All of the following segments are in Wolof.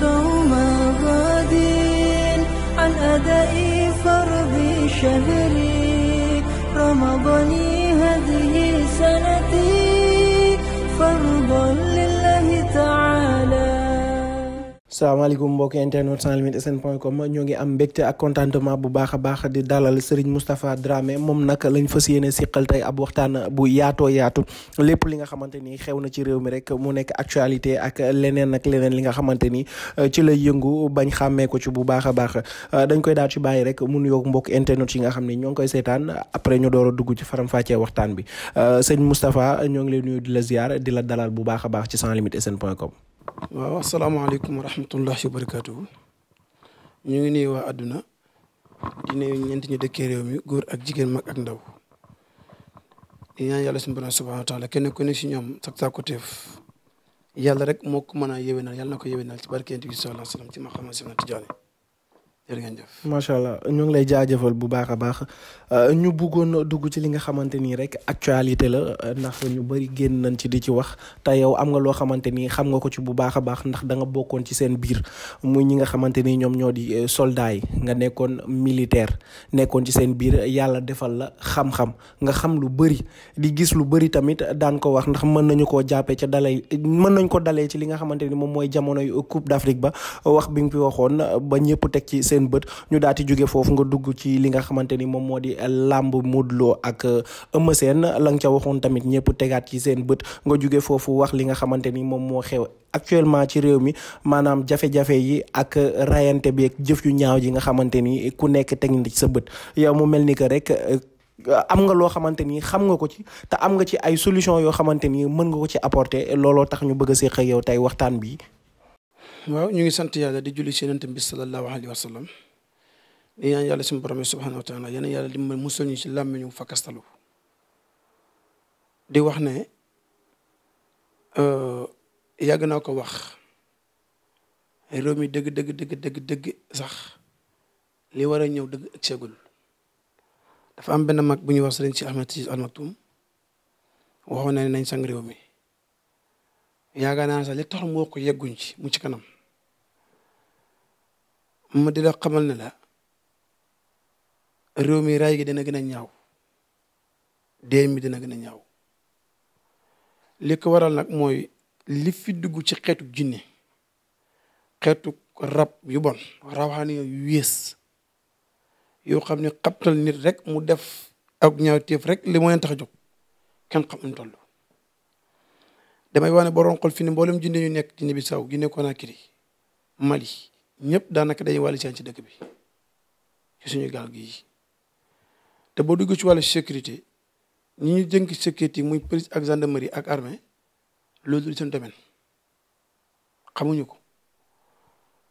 صوم غد عن أداء فرض شهر رمضان salaamaaleykum mbokk internet sans limite sn point com ñoo ngi am mbégte ak contentement bu baax a baax di dalal Serigne Moustapha Dramé moom nag lañ fas yéene siqal tey ab waxtaan bu yaatoo yaatu lépp li nga xamante ni xew na ci réew mi rek mu nekk actualité ak leneen ak leneen li nga xamante ni euh, ci lay yëngu bañ xàmmee ko ci bu baax a baax euh, dañ koy daal ci bàyyi rek mu nuyoog mbokki internet yi nga xam ne ñoo ngi koy seetaan après ñu door a dugg ci faram-fàccee waxtaan bi euh, sëñ Moustapha ñoo ngi lay nuyu di la ziar di la dalal bu baax baax ci sans limite sn point waaw asalaamaaleykum wa rahmatullahi wa barakaatuhu ñu ngi nii waa àdduna di nuyu ñeent ñu dëkkee mi góor ak jigéen mag ak ndaw di ñaan yàlla suñu borom subhanahu wa taala kenn ku ñoom sax sàkkuteef yàlla rek moo ko mën a yéwénal yàlla na ko yéwénal ci barkeent bi sallallahu alayhi wa sallam ci ma xamal si na tijaani jërë allah ñoo ngi lay jaajëfal bu baax a baax euh, ñu bëggoon dugg ci li nga xamante ni rek actualité la ndax ñu bëri génn nañ ci di ci wax te yow am nga loo xamante ni xam nga ko ci bu baax a baax ndax da nga bokkoon ci seen biir muy ñi nga xamante ni ñoom ñoo di euh, soldats nga nekkoon militaire nekkoon ci seen biir yàlla defal la xam-xam nga xam lu bëri di gis lu bëri tamit daan ko wax ndax mën nañu koo jàppee ca dalay mën nañ ko dalee ci li nga xamante ni moom mooy jamonoy Coupe d'Afrique ba ba ñëpp teg seen bët ñu daati jóge foofu nga dugg ci li nga xamante ni moom moo di làmb Modou loo ak euh, Eumeu Sène la nga ca waxoon tamit ñëpp tegaat ci seen bët nga jóge foofu wax li nga xamante ni moom moo xew actuellement ci réew mi maanaam jafe-jafe yi ak rayante bi ak jëf yu ñaaw ji nga xamante ni ku nekk teg na ci sa bët yow mu mel ni que rek euh, am nga loo xamante ni xam nga ko ci te am nga ci ay solution yoo xamante ni mën nga ko ci apporter looloo tax ñu bëgg a séq yow tey waxtaan bi waaw ñu ngi sant yàlla di julli si yonent bi sallallahu alayhi wa sallam di ñaan yàlla suñu borom subhanahu wa taala yéen yàlla di musal ñu si làmmiñu fakkastalu di wax ne euh, yàgg naa ko wax réew mi dëgg dëgg dëgg dëgg sax li war a ñëw dëgg ak seegul dafa am benn mag bu ñuy wax sëriñ si Ahmed si waxoon na nañ sang réew mi yaakaar naa sax li tax mu wax yegguñ ci mu ci kanam ma di la xamal ne la réew mi raay gi dina gën a ñaaw dee mi dina gën a ñaaw li ko waral nag mooy li fi dugg ci xeetu jinne xeetu rab yu bon rawaxaani yu yées yoo xam ne xabtal nit rek mu def ak ñaaw téef rek li mooy tax a jóg kenn xamuñ toll damay wax ne borom xol fi ne mboolem jinne yu nekk ci Guinée Bissau na Conakry Mali ñëpp daanaka dañuy wàllu seen ci dëkk bi ci suñu gaal gi te boo dugg ci wàllu sécurité ñu ñu jënk sécurité muy police ak gendarmerie ak armée loolu du seen domaine xamuñu ko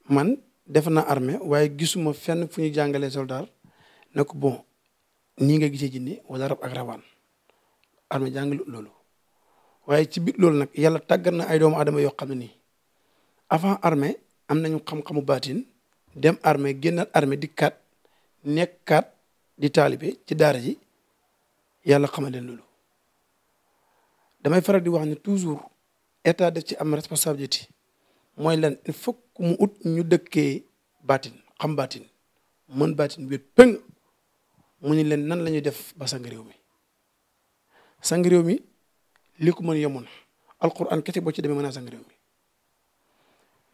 man def na armée waaye gisuma fenn fu ñu jàngalee soldat ne ko bon nii nga gisee jinne wala rab ak rawaan armée jàngalu loolu waaye ci biir loolu nag yàlla tàggat na ay doomu aadama yoo xam ne nii avant armée am nañu xam-xamu baatin dem armée génnal armée di kat nekkaat di taalibe ci daara ji yàlla xamal leen loolu damay faral di wax ne toujours état def ci am responsabilité mooy lan il faut mu ut ñu dëkkee baatin xam baatin mën baatin wéet pëng mu ni leen nan la ñuy def ba sang réew mi sang réew mi li ko mën yomoon alquran kese boo ci demee mën naa sang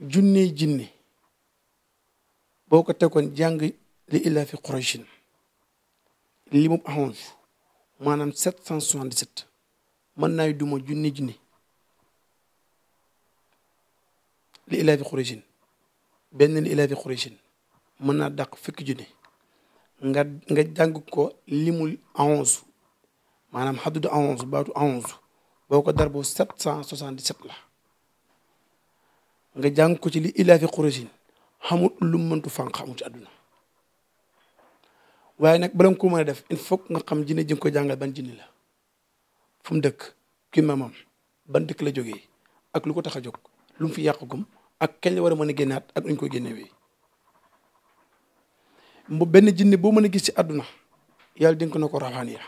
junney jinne boo ko tegoon jàng li illa fi Qurayshin li mu ahonge maanaam sept cent soixante-dix-sept mën naay duma junne jinne li illa fi Qurayshin benn li illa fi Qurayshin mën naa dàq fukki junne nga nga jàng ko limul ahonge maanaam xaddudu ahonge baatu ahonge boo ko darboo sept cent soixante dix la nga jàng ko ci li ilaafi Quraysin xamul lu mu mëntu fànq xamul ci àdduna waaye nag bala nga ko mën a def il faut nga xam jinne ji ko jàngal ban jinne la fu mu dëkk ki maamam ban dëkk la jóge ak lu ko tax a jóg lu mu fi yàqagum ak kenn war a mën a génnaat ak nuñ koy génnewee mu benn jinne boo mën a gis ci àdduna yàlla dénk na ko rawaan ya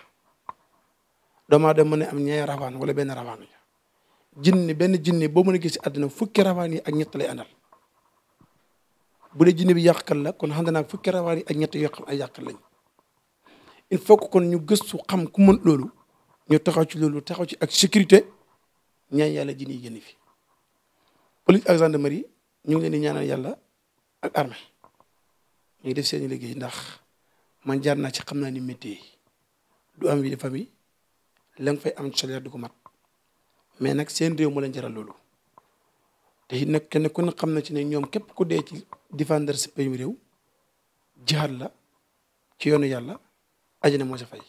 doomaa dem mën a am ñaari rawaan wala benn rawaan ya jinne benn jinne boo mën a gis si àddina fukki rawaan ak ñett lay àndal bu dee jinne bi yàqkat la kon xam naa fukki rawaan yi ak ñett yoo xam ay yàqkat lañ il faut kon ñu gëstu xam ku mën loolu ñu taxaw ci loolu taxaw ci ak sécurité ñaan yàlla jinne yi génn fi police ak gendarmerie ñu ngi leen di ñaanal yàlla ak armée ñu ngi def seeni liggéey ndax man jaar naa ci xam naa ni métier du am vie de famille la nga fay am salaire du ko mat mais nag seen réew moo lañ jaral loolu te it nag kenn ku ne xam na ci ne ñoom képp ku dee ci défendre sa pays réew jihaad la ci yoonu yàlla ajana moo sa fay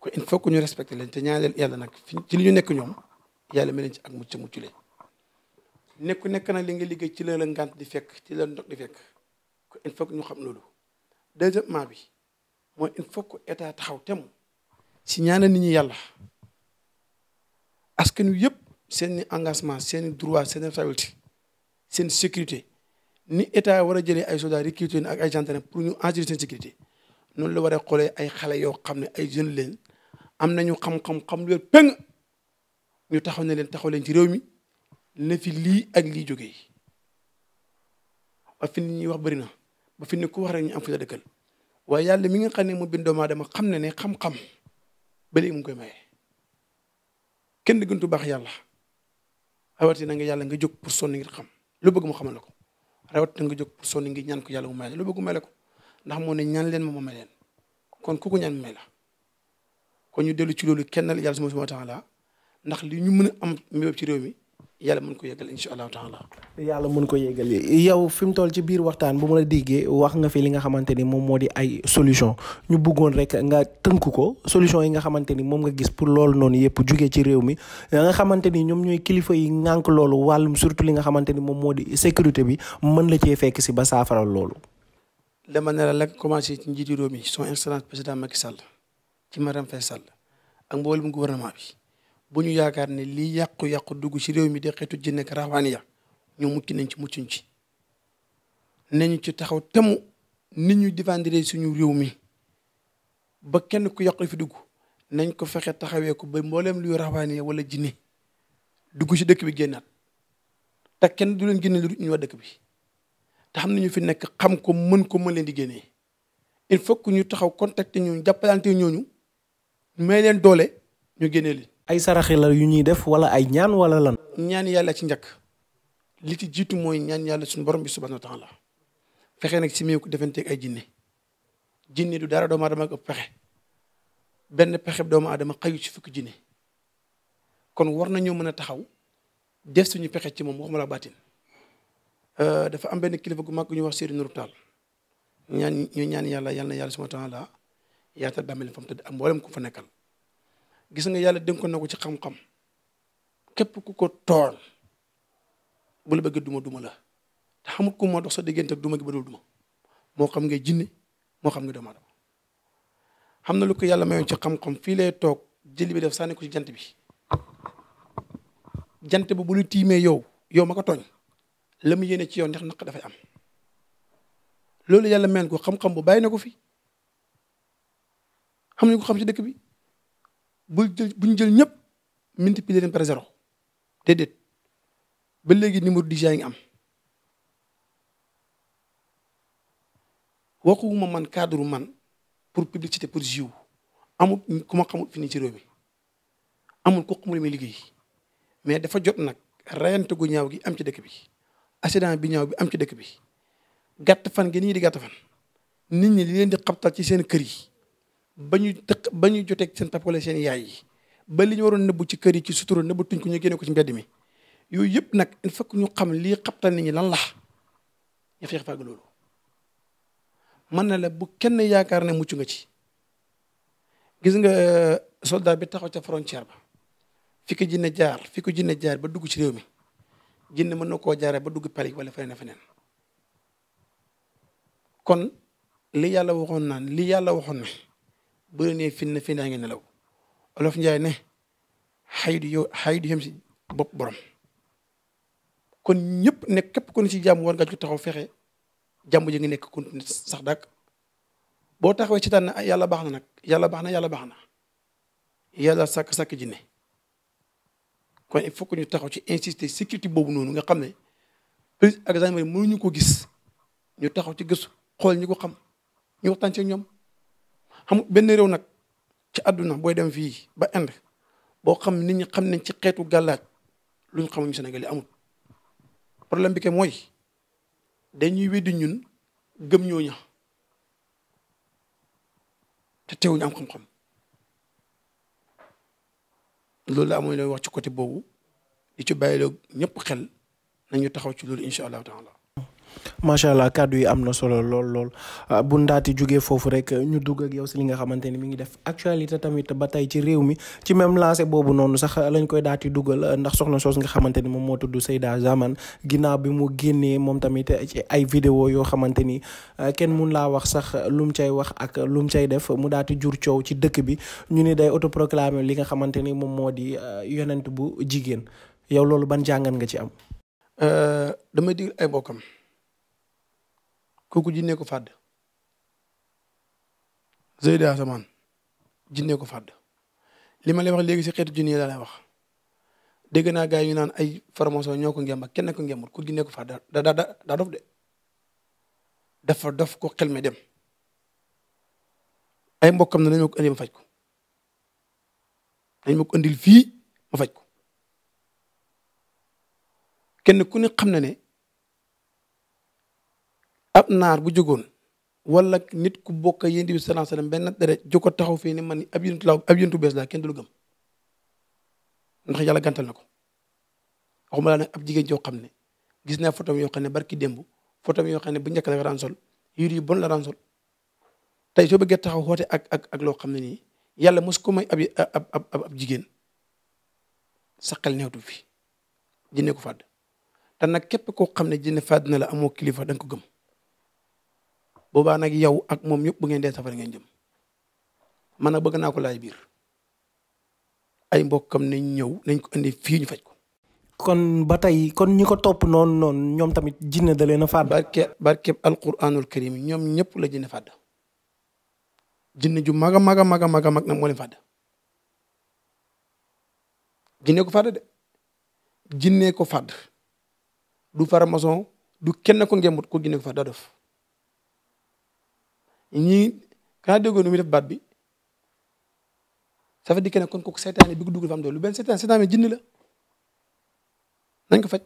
kon il faut ñu respecté leen te ñaanal yàlla nag ci li ñu nekk ñoom yàlla mel leen ci ak mucc muccule nekku nekk na li nga liggéey ci la la ngant di fekk ci la ndog di fekk kon il faut ñu xam loolu deuxièmement bi mooy il faut que état taxaw tem si ñaanal nit ñi yàlla askan wi yëpp seen engagement seen droit seen responsabilité seen sécurité ni état war a jëlee ay soldats recrutés ak ay gendarmes pour ñu assurer seen sécurité noonu la war a xoolee ay xale yoo xam ne ay jeunes leen am nañu xam-xam xam lu peng ñu taxaw ne leen taxaw leen ci réew mi ne lii ak lii jógee ba fi ñuy wax bëri na ba fi ne ku wax rek ñu am fu la dëkkal waaye yàlla mi nga xam ne mu bindoo doomu aadama xam ne ne xam-xam ba léegi mu ngi koy maye. kenn gëntu baax yàlla rawatina nga yàlla nga jóg pour sonn ngir xam lu bëgg mu xamal la ko rawatina nga jog pour sonn ngir ñaan ko yàlla mu may la lu bëgg ko ndax moo ne ñan leen ma ma may leen kon ku ko ma may la kon ñu dellu ci loolu kenn yàlla subhaanahu wa la ndax li ñu mën a am mbéb ci réew mi yàlla mun ko yeggal incha allahu taala yàlla mun ko yeggal yow fi mu toll ci biir waxtaan bu ma la déggee wax nga fi li nga xamante ni moom moo di ay solution ñu buggoon rek nga tënk ko solution yi nga xamante ni moom nga gis pour loolu noonu yëpp jugee ci réew mi nga xamante ni ñoom ñooy kilifa yi ŋànk loolu wàllum surtout li nga xamante ni moom moo di sécurité bi mën la cee fekk si ba saafaral loolu dama ne la rek commencé ci njiitu réew mi son excellence président Macky Sall ci Marième Faye bu ñu yaakaar ni lii yàqu-yàqu dugg ci réew mi di xeetu jinne ak rawaani ya ñu mucc nañ ci muccuñ ci nañu ci taxaw temu nit ñu défendre suñu réew mi ba kenn ku yàqu fi dugg nañ ko fexe taxawee ko ba mbooleem luy rawaani ya wala jinne dugg ci dëkk bi génnaat te kenn du leen génne lu ñu wax dëkk bi te xam nañu fi nekk xam ko mën ko mën leen di génnee il faut que ñu taxaw contacter ñooñu jàppalante ñooñu may leen doole ñu génnee leen ay saraxi la yu ñuy def wala ay ñaan walla lan. ñaan yàlla ci njëkk li jiitu mooy ñaan yàlla suñu borom bi subhanahu wa taala fexe nag si mi ay jinne jinne du dara doomu aadama ak pexe benn pexe doomu aadama xayu ci fukki jinne kon war ñoo mën a taxaw def suñu pexe ci moom waxuma la baatin euh, dafa am benn kilifa gu mag ñu wax Serigne Nourou Tall ñaan ñu ñaan yàlla yal na yàlla subhanahu wa taala yaatal bàmmeel fam tëdd am mboolem ku fa nekkal gis nga yàlla dénkoon na ko ci xam-xam képp ku ko tool bu la bëggee duma duma la te xamut ku moo dox sa diggante ak duma gi ba dul duma moo xam ngay jinne moo xam nga doomu aadama xam na lu ko yàlla mayoon ci xam-xam fii lay toog jëli bi def sànni ko ci jant bi jant bi bu lu tiimee yow yow ma ko tooñ la mu yéene ci yow ndax naq dafay am loolu yàlla meen ko xam-xam bu bàyyi na ko fi xam ñu ko xam ci dëkk bi bu jël bu ñu jël ñëpp multiplier leen par zéro déedéet ba léegi numéro déjà yi nga am waxuma man cadre man pour publicité pour jiw amul ku ma xamul fi ni ci réew mi amul ku liggéey mais dafa jot nag rayante gu ñaaw gi am ci dëkk bi accident bi ñaaw bi am ci dëkk bi gàtt fan gi nit ñi di gàtt fan nit ñi li leen di xabtal ci seen kër yi ba ñu dëkk ba ñu joteeg seen papa wala seen yaay yi ba li ñu waroon nëbbu ci kër yi ci sutura nëbbu tuñ ko ñu génne ko ci mbedd mi yooyu yëpp nag il faut ñu xam lii xabtal nit ñi lan la ñu xeex faag loolu mën na la bu kenn yaakaar ne mucc nga ci gis nga euh, soldat bi taxaw ca frontière ba fi ko jinne jaar fi ko jinne jaar ba dugg ci réew mi jinne mën na koo jaaree ba dugg Paris wala feneen feneen kon li yàlla waxoon naan li yàlla waxoon ne bu la nee fin na fin naa ngi nelaw olof njaay ne xay du yow xay du yem si bopp borom kon ñëpp nekk képp kon ci jàmm war nga jóg taxaw fexe jàmm ji nga nekk continué sax dàkk boo taxawee ci tànn yàlla baax na nag yàlla baax na yàlla baax na yàlla sàkk-sàkk jinne kon il faut que ñu taxaw ci insister sécurité boobu noonu nga xam ne police ak gendarmerie mënuñu ko gis ñu taxaw ci gëstu xool ñu ko xam ñu waxtaan ci ñoom xam benn réew nag ci àdduna booy dem fii ba Inde boo xam nit xam nañ ci xeetu gàllaaj lu ñu xamuñu Sénégal yi amul problème bi ke mooy dañuy weddi ñun gëm ñooña te teewuñu am xam-xam loolu la amoon lay wax ci côté boobu di ci bàyyiloo ñëpp xel nañu taxaw ci loolu incha allahu taala macha allah kàddu yi am na solo lool lool ah, bu ndaati jógee foofu rek ñu dugg ak yow si li nga xamante ni mi ngi def actualité tamit ba tey ci réew mi ci même lancé boobu noonu sax lañ koy daati dugal eh, ndax soxna soos nga xamante ni moom moo tudd Seyda Zaman ginnaaw bi mu génnee moom tamit eh, ci ay vidéo yoo xamante ni eh, kenn mun laa wax sax lu mu cay wax ak lu mu cay def mu daati jur coow ci dëkk bi ñu ni day auto autoproclamé li nga xamante ni moom moo di yonent bu jigéen yow loolu ban jàngan nga ci am. Euh, dama dig ay kooku jinne ko fàdd Zeydi Asamaan jinne ko fàdd li ma lay wax léegi si xeetu jinne yi laa wax dégg naa gars yi ñu naan ay formation ñoo ko ngemb ak kenn ko ngembul ku jinne ko fàdd da da daa dof de dafa dof ko xel mi dem ay mbokkam na nañ ma ko indi ko dañ ma ko indil fii ma faj ko kenn ku ne xam na ne ab naar bu jógoon wala nit ku bokk ak yéen bi sallallahu alayhi wasallam ko taxaw fii ni man ab yonent laa ab yonentu bees laa kenn du lu gëm ndax yàlla gàntal na ko waxuma laa ab jigéen joo xam ne gis naa photo yoo xam ne barki démb photo yoo xam ne bu njëkk la daan sol yur yu bon la daan sol tey soo bëggee taxaw xoote ak loo xam ne nii yàlla mos ko may ab ab ab ab jigéen saqal fi jinne ko fàdd te nag képp koo xam ne jinne fàdd na la amoo kilifa da ko gëm boobaa nag yow ak moom ñëpp bu ngeen dee safara ngeen jëm man a bëgg naa ko biir ay mbokkam nañ ñëw nañ ko indi fii ñu faj ko. kon ba tey kon ñi ko topp noonu noonu ñoom tamit jinne da leen a fàdd. barke barke karim ñoom ñëpp la jinne fàdd jinne ju mag a mag a mag a mag a mag nag moo leen jinne ko fàdd de jinne ko fàdd du faramason du kenn ko ngembut ko jinne ko fàdd daa def ñii xanaa déggoo nu muy def baat bi ça veut dire que kon kooku seytaane bi ko dugg dafa am doole lu benn seytaane seytaane bi jinni la nañ ko faj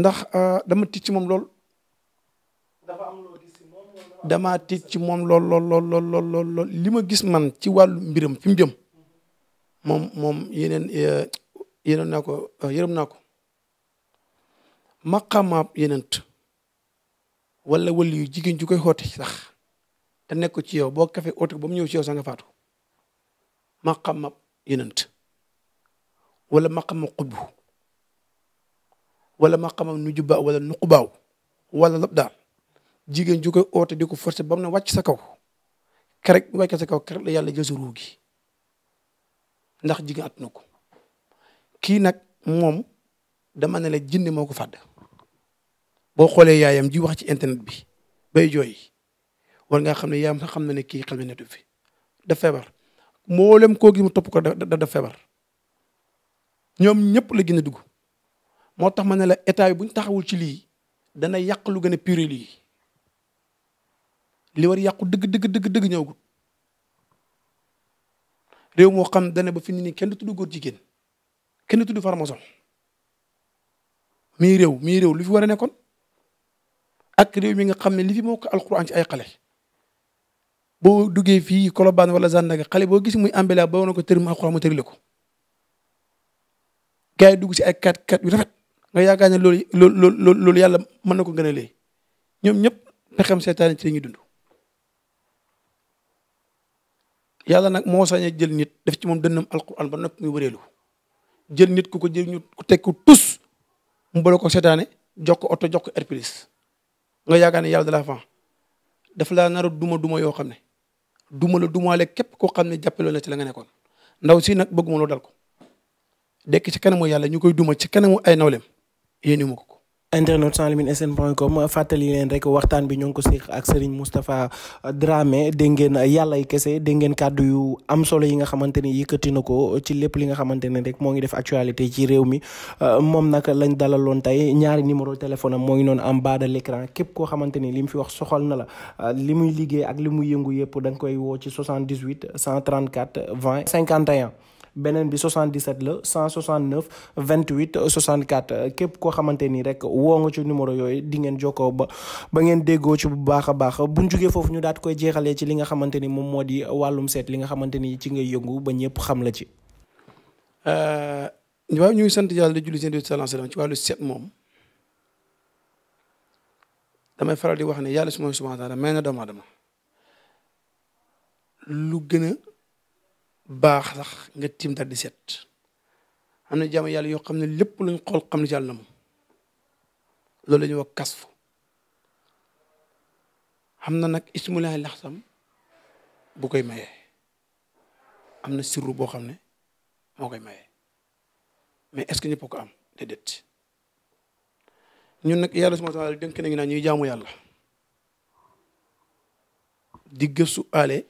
ndax euh, dama tiit ci moom lool. dafa am loo ci moom damaa lool lool lool li ma gis man ci wàllu mbiram fi mu jëm moom moom yeneen euh, euh, yërëm naa ko yërëm na ko maqaamaab yeneen wala wala yu jigéen ju koy xoote sax. te nekk ko ci yow boo kafe oote ba mu ñëw ci yow sax nga faatu maqam ma yonent wala maqam ma xutbu wala maqamam nujubaa wala nuqubaaw wala labdaal jigéen ju koy oote di ko forcé ba mu ne wàcc sa kaw kerek wàcc sa kaw kerek la yàlla jël sa ruu ndax jigéen at na ko kii nag moom dama ne la jinne moo ko fàdd boo xoolee yaayam ji wax ci internet bi bay jooy war ngaa xam ne yaa xam na ne kii xel mi ne du fi da feebar mboolem koo gi mu topp ko da da feebar ñoom ñëpp la gën a dugg moo tax ma ne la état yi bu ñu taxawul ci lii dana yàq lu gën a puré lii li war yàqu dëgg dëgg dëgg dëgg ñëwagul réew moo xam dana ba fi ni kenn du tudd góor jigéen kenn du tudd farmason mii réew mii réew lu fi war a nekkoon ak réew mi nga xam ne li fi moo ko alxuraan ci ay xale boo duggee fii Colobane wala Sandaga xale boo gis muy ambila ba woon ko tëri mu alxuraan mu tëri la dugg si ay kat kat yu rafet nga yaakaar ne loolu loolu yàlla mën na ko gën lee ñoom ñëpp pexem seetaan ci ñu dund. yàlla nag moo sañ jël nit def ci moom dënnam alxuraan ba nopp muy wëreelu jël nit ku ko jël ñu ko tus mu boole ko seetaane jox oto jox ko airpilis nga ne yàlla daf laa nar a duma duma yoo xam ne. duma la dumaale képp koo xam ne jàppale la ci la nga nekkoon ndaw si nag bëgguma loo dal ko dekk ci kanamu yàlla ñu koy duma ci kanamu ay nawleem yéen mu ko ko internet sans limite sn.com fàttali leen rek waxtaan bi ñoo ngi ko séq ak Serigne Moustapha Dramé dégg ngeen yàllay kese dégg kàddu yu am solo yi nga xamante ni yëkkati na ko ci lépp li nga xamante ne rek moo ngi def actualité ci réew mi moom nag lañ dalaloon tey ñaari numéro téléphone am moo ngi noonu en bas de képp koo xamante ni li mu fi wax soxal na la li muy liggéey ak li muy yëngu yëpp da nga koy woo ci 78 134 20 51 beneen bi 77 la 169 28 64 képp koo xamante nii rek woo nga ci numéro yooyu di ngeen jokkoo ba ba ngeen déggoo ci bu baax a baax buñ jugee foofu ñu daat koy jeexalee ci li nga xamante ni moom moo di wàllum seet li nga xamante ni ci ngay yëngu ba ñëpp xam la ci. Euh, waaw ñu sant yàlla di julli seen di salaam ci wàllu seet moom damay faral di wax ne yàlla su ma subhaana taala may na doomu aadama lu gën baax sax nga tiim daal di seet am na jaamu yàlla yoo xam ne lépp luñ xool xam ne ci yàlla moom loolu la ñuy wax kasfu xam na nag ismulaay sam bu koy mayee am na sirru boo xam ne moo koy mayee mais est-ce que ñëpp ko am déedéet ñun nag yàlla subhaanahu wa taala dénk nañu ñuy jaamu yàlla di gëstu ale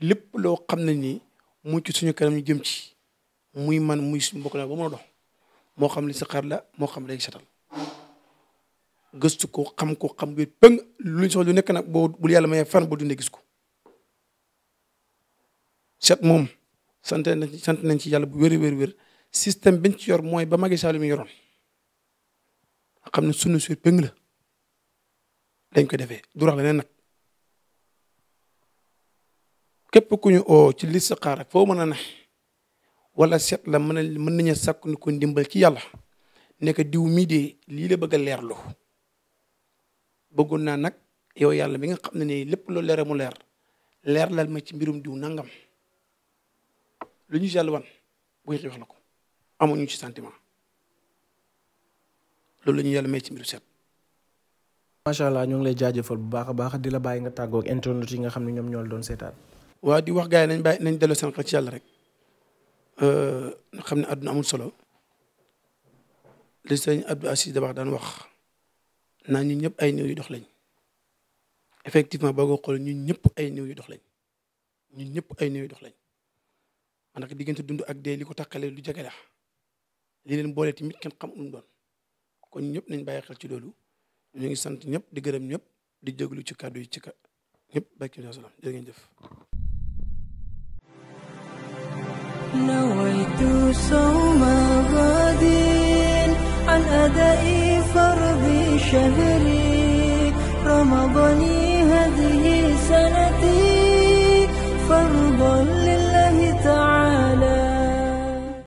lépp loo xam ne nii mu ci suñu kanam ñu jëm ci muy man muy suñu mbokk la ba mën a moo xam li sa la moo xam léegi setal gëstu ko xam ko xam bi pëng luñ soxla lu nekk nag boo bul yàlla mayee fan boo dundee gis ko set moom sant nañ ci sant nañ ci yàlla bu wér wér wér système biñ ci yor mooy ba Macky Sall mi yoroon xam ne sunu suur pëng la dañ ko defee du rax nag lépp ku ñu oo ci listixaar ak foo mën a ne wala seet la mën a mën nañu sàkk ni ko ndimbal ci yàlla nekk diw mii de lii la bëgg a leerlu bëggoon naa nag yow yàlla mi nga xam ne nii lépp loo leere mu leer leer lal ma ci mbirum diw nangam lu ñu jàll wan buy wax la ko amuñu ci sentiment loolu la ñu yàlla may ci mbiru set macha allah ñu ngi lay jaajëfal bu baax a baax di la bàyyi nga tàggoog internet yi nga xam ne ñoom ñoo la doon seetaan waaw di wax gars yi nañ bàyyi nañ delloo seen xel ci yàlla rek xam ne àdduna amul solo li sëñ Abdou Aziz Dabakh daan wax naa ñi ñëpp ay néew yu dox lañ effectivement boo ko ñun ñëpp ay néew yu dox lañ ñun ñëpp ay néew dox lañ man nag diggante dund ak dee li ko tàqalee lu jege la li leen boole tamit kenn xam um doon kon ñëpp nañ bàyyi xel ci loolu ñu ngi sant ñëpp di gërëm ñëpp di jéglu ci kàddu yi ci ka ñëpp bakki na salaam jërë ngeen jëf نويت صوم غد عن أداء فرض شهري رمضان هذه سنتي فرضا